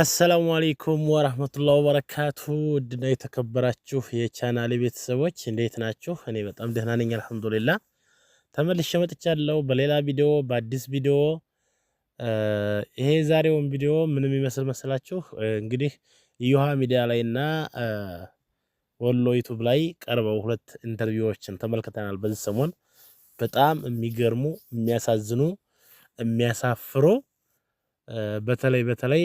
አሰላሙ አሌይኩም ወራህመቱላህ ወበረካቱ ውድና የተከበራችሁ የቻናሌ ቤተሰቦች እንዴት ናችሁ? እኔ በጣም ደህና ነኝ፣ አልሐምዱሊላ። ተመልሼ መጥቻለሁ በሌላ ቪዲዮ፣ በአዲስ ቪዲዮ። ይሄ ዛሬውን ቪዲዮ ምን የሚመስል መሰላችሁ? እንግዲህ እዮሃ ሚዲያ ላይና ወሎ ዩቱብ ላይ ቀርበው ሁለት ኢንተርቪዎችን ተመልክተናል። በዚህ ሰሞን በጣም የሚገርሙ የሚያሳዝኑ የሚያሳፍሩ በተለይ በተለይ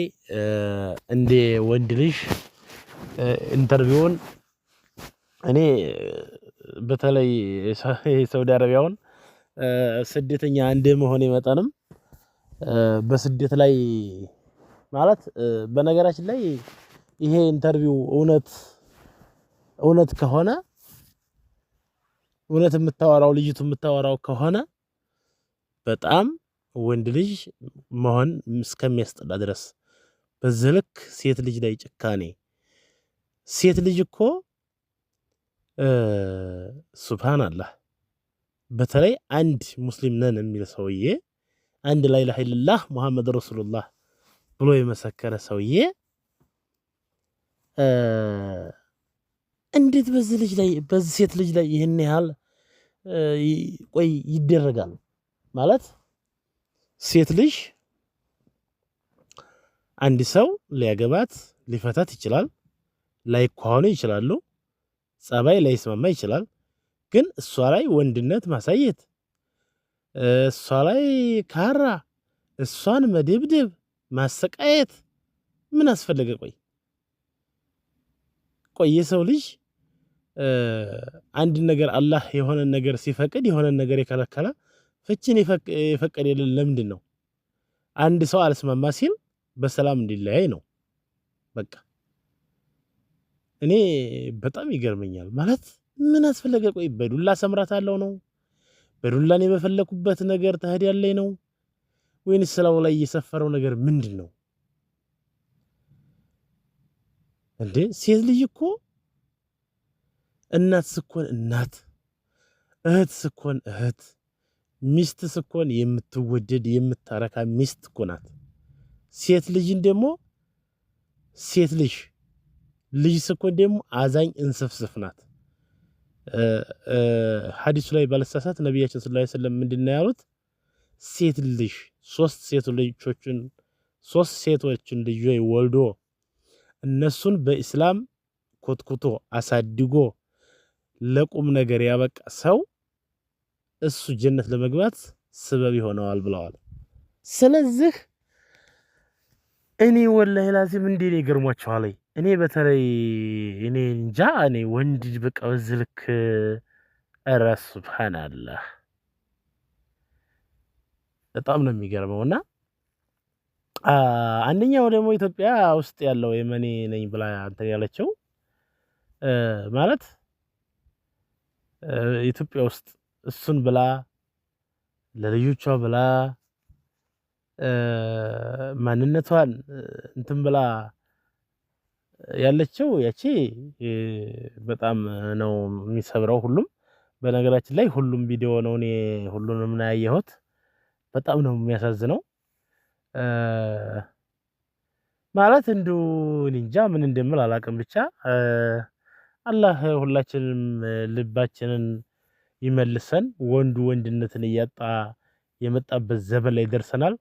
እንደ ወንድ ልጅ ኢንተርቪውን እኔ በተለይ የሳውዲ አረቢያውን ስደተኛ መሆን መጠንም በስደት ላይ ማለት በነገራችን ላይ ይሄ ኢንተርቪው እውነት እውነት ከሆነ እውነት የምታወራው ልጅቱ የምታወራው ከሆነ በጣም ወንድ ልጅ መሆን እስከሚያስጠላ ድረስ በዚህ ልክ ሴት ልጅ ላይ ጭካኔ። ሴት ልጅ እኮ ሱብሃን አላህ። በተለይ አንድ ሙስሊም ነን የሚል ሰውዬ አንድ ላይ ላኢላሃ ኢለላህ ሙሐመድ ረሱሉላህ ብሎ የመሰከረ ሰውዬ እንዴት በዚህ ልጅ ላይ በዚህ ሴት ልጅ ላይ ይህን ያህል ቆይ ይደረጋል ማለት ሴት ልጅ አንድ ሰው ሊያገባት ሊፈታት ይችላል። ላይኳሆኑ ይችላሉ። ጸባይ ላይስማማ ይችላል። ግን እሷ ላይ ወንድነት ማሳየት፣ እሷ ላይ ካራ፣ እሷን መደብደብ፣ ማሰቃየት ምን አስፈለገ? ቆይ ቆይ የሰው ልጅ አንድ ነገር አላህ የሆነን ነገር ሲፈቅድ የሆነን ነገር የከለከለ ፍቺን የፈቀደልን ለምንድን ነው? አንድ ሰው አልስማማ ሲል በሰላም እንዲለያይ ነው። በቃ እኔ በጣም ይገርመኛል። ማለት ምን አስፈለገ? ቆይ በዱላ ሰምራት አለው ነው? በዱላን እኔ ነገር ተህድ ያለኝ ነው ወይን ስላው ላይ የሰፈረው ነገር ምንድን ነው እንዴ? ሴት ልጅ እኮ እናት ስኮን እናት፣ እህት ስኮን እህት ሚስት ስኮን የምትወደድ የምታረካ ሚስት እኮ ናት። ሴት ልጅን ደግሞ ሴት ልጅ ልጅ ስኮን ደግሞ አዛኝ እንስፍስፍ ናት። ሀዲሱ ላይ ባለሳሳት ነቢያችን ስላ ስለም ምንድን ያሉት? ሴት ልጅ ሶስት ሴት ልጆችን ሶስት ሴቶችን ልጆ ወልዶ እነሱን በኢስላም ኮትኩቶ አሳድጎ ለቁም ነገር ያበቃ ሰው እሱ ጀነት ለመግባት ስበብ ይሆነዋል ብለዋል። ስለዚህ እኔ ወላሂ ላዚም እንዴ ነው ይገርሟቸዋል። እኔ በተለይ እኔ እንጃ እኔ ወንድ በቃ በዚህ ልክ ኧረ በጣም ነው የሚገርመው እና አንደኛው ደግሞ ኢትዮጵያ ውስጥ ያለው የመኔ ነኝ ብላ እንትን ያለችው ማለት ኢትዮጵያ ውስጥ እሱን ብላ ለልጆቿ ብላ ማንነቷን እንትን ብላ ያለችው ያቺ በጣም ነው የሚሰብረው። ሁሉም በነገራችን ላይ ሁሉም ቪዲዮ ነው። እኔ ሁሉንም ነው ያየሁት። በጣም ነው የሚያሳዝነው። ማለት እንዱ እንጃ ምን እንደምል አላቅም ብቻ አላህ ሁላችንም ልባችንን ይመልሰን። ወንዱ ወንድነትን እያጣ የመጣበት ዘመን ላይ ደርሰናል።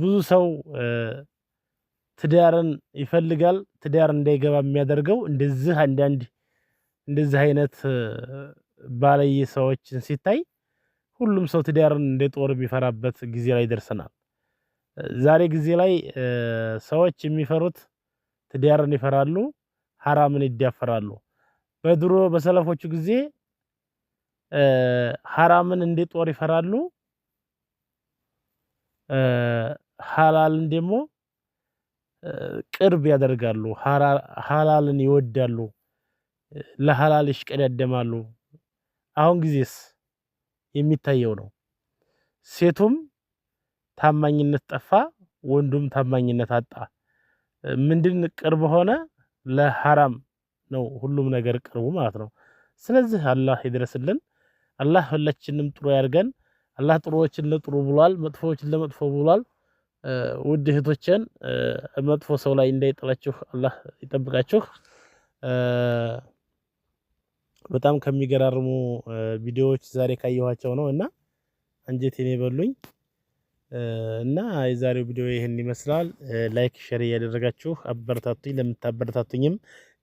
ብዙ ሰው ትዳርን ይፈልጋል። ትዳር እንዳይገባ የሚያደርገው እንደዚህ አንዳንድ እንደዚህ አይነት ባለየ ሰዎችን ሲታይ ሁሉም ሰው ትዳርን እንደ ጦር የሚፈራበት ጊዜ ላይ ደርሰናል። ዛሬ ጊዜ ላይ ሰዎች የሚፈሩት ትዳርን ይፈራሉ፣ ሀራምን ይዳፈራሉ። በድሮ በሰለፎቹ ጊዜ ሐራምን እንደ ጦር ይፈራሉ። ሐላልን ደግሞ ቅርብ ያደርጋሉ። ሐላልን ይወዳሉ። ለሐላል ይሽቀዳደማሉ። አሁን ጊዜስ የሚታየው ነው። ሴቱም ታማኝነት ጠፋ፣ ወንዱም ታማኝነት አጣ። ምንድን ቅርብ ሆነ? ለሐራም ነው ሁሉም ነገር ቅርቡ ማለት ነው። ስለዚህ አላህ ይድረስልን። አላህ ሁላችንም ጥሩ ያርገን አላህ ጥሩዎችን ለጥሩ ብሏል፣ መጥፎዎችን ለመጥፎ ብሏል። ውድ እህቶችን መጥፎ ሰው ላይ እንዳይጥላችሁ አላህ ይጠብቃችሁ። በጣም ከሚገራርሙ ቪዲዮዎች ዛሬ ካየኋቸው ነው እና አንጀቴን የበሉኝ እና የዛሬው ቪዲዮ ይህን ይመስላል። ላይክ ሸር እያደረጋችሁ አበረታቱኝ። ለምታበረታቱኝም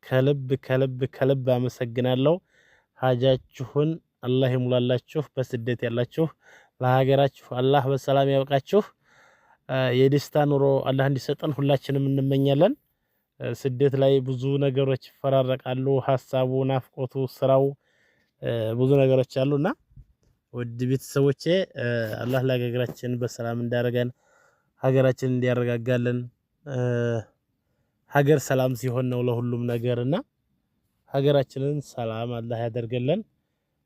ከልብ ከልብ ከልብ አመሰግናለሁ። ሀጃችሁን አላህ የሙላላችሁ። በስደት ያላችሁ ለሀገራችሁ አላህ በሰላም ያብቃችሁ። የደስታ ኑሮ አላህ እንዲሰጠን ሁላችንም እንመኛለን። ስደት ላይ ብዙ ነገሮች ይፈራረቃሉ። ሀሳቡ፣ ናፍቆቱ፣ ስራው ብዙ ነገሮች አሉና ውድ ቤተሰቦቼ አላህ ለሀገራችን በሰላም እንዳደረገን ሀገራችን እንዲያረጋጋልን። ሀገር ሰላም ሲሆን ነው ለሁሉም ነገር እና ሀገራችንን ሰላም አላህ ያደርገልን።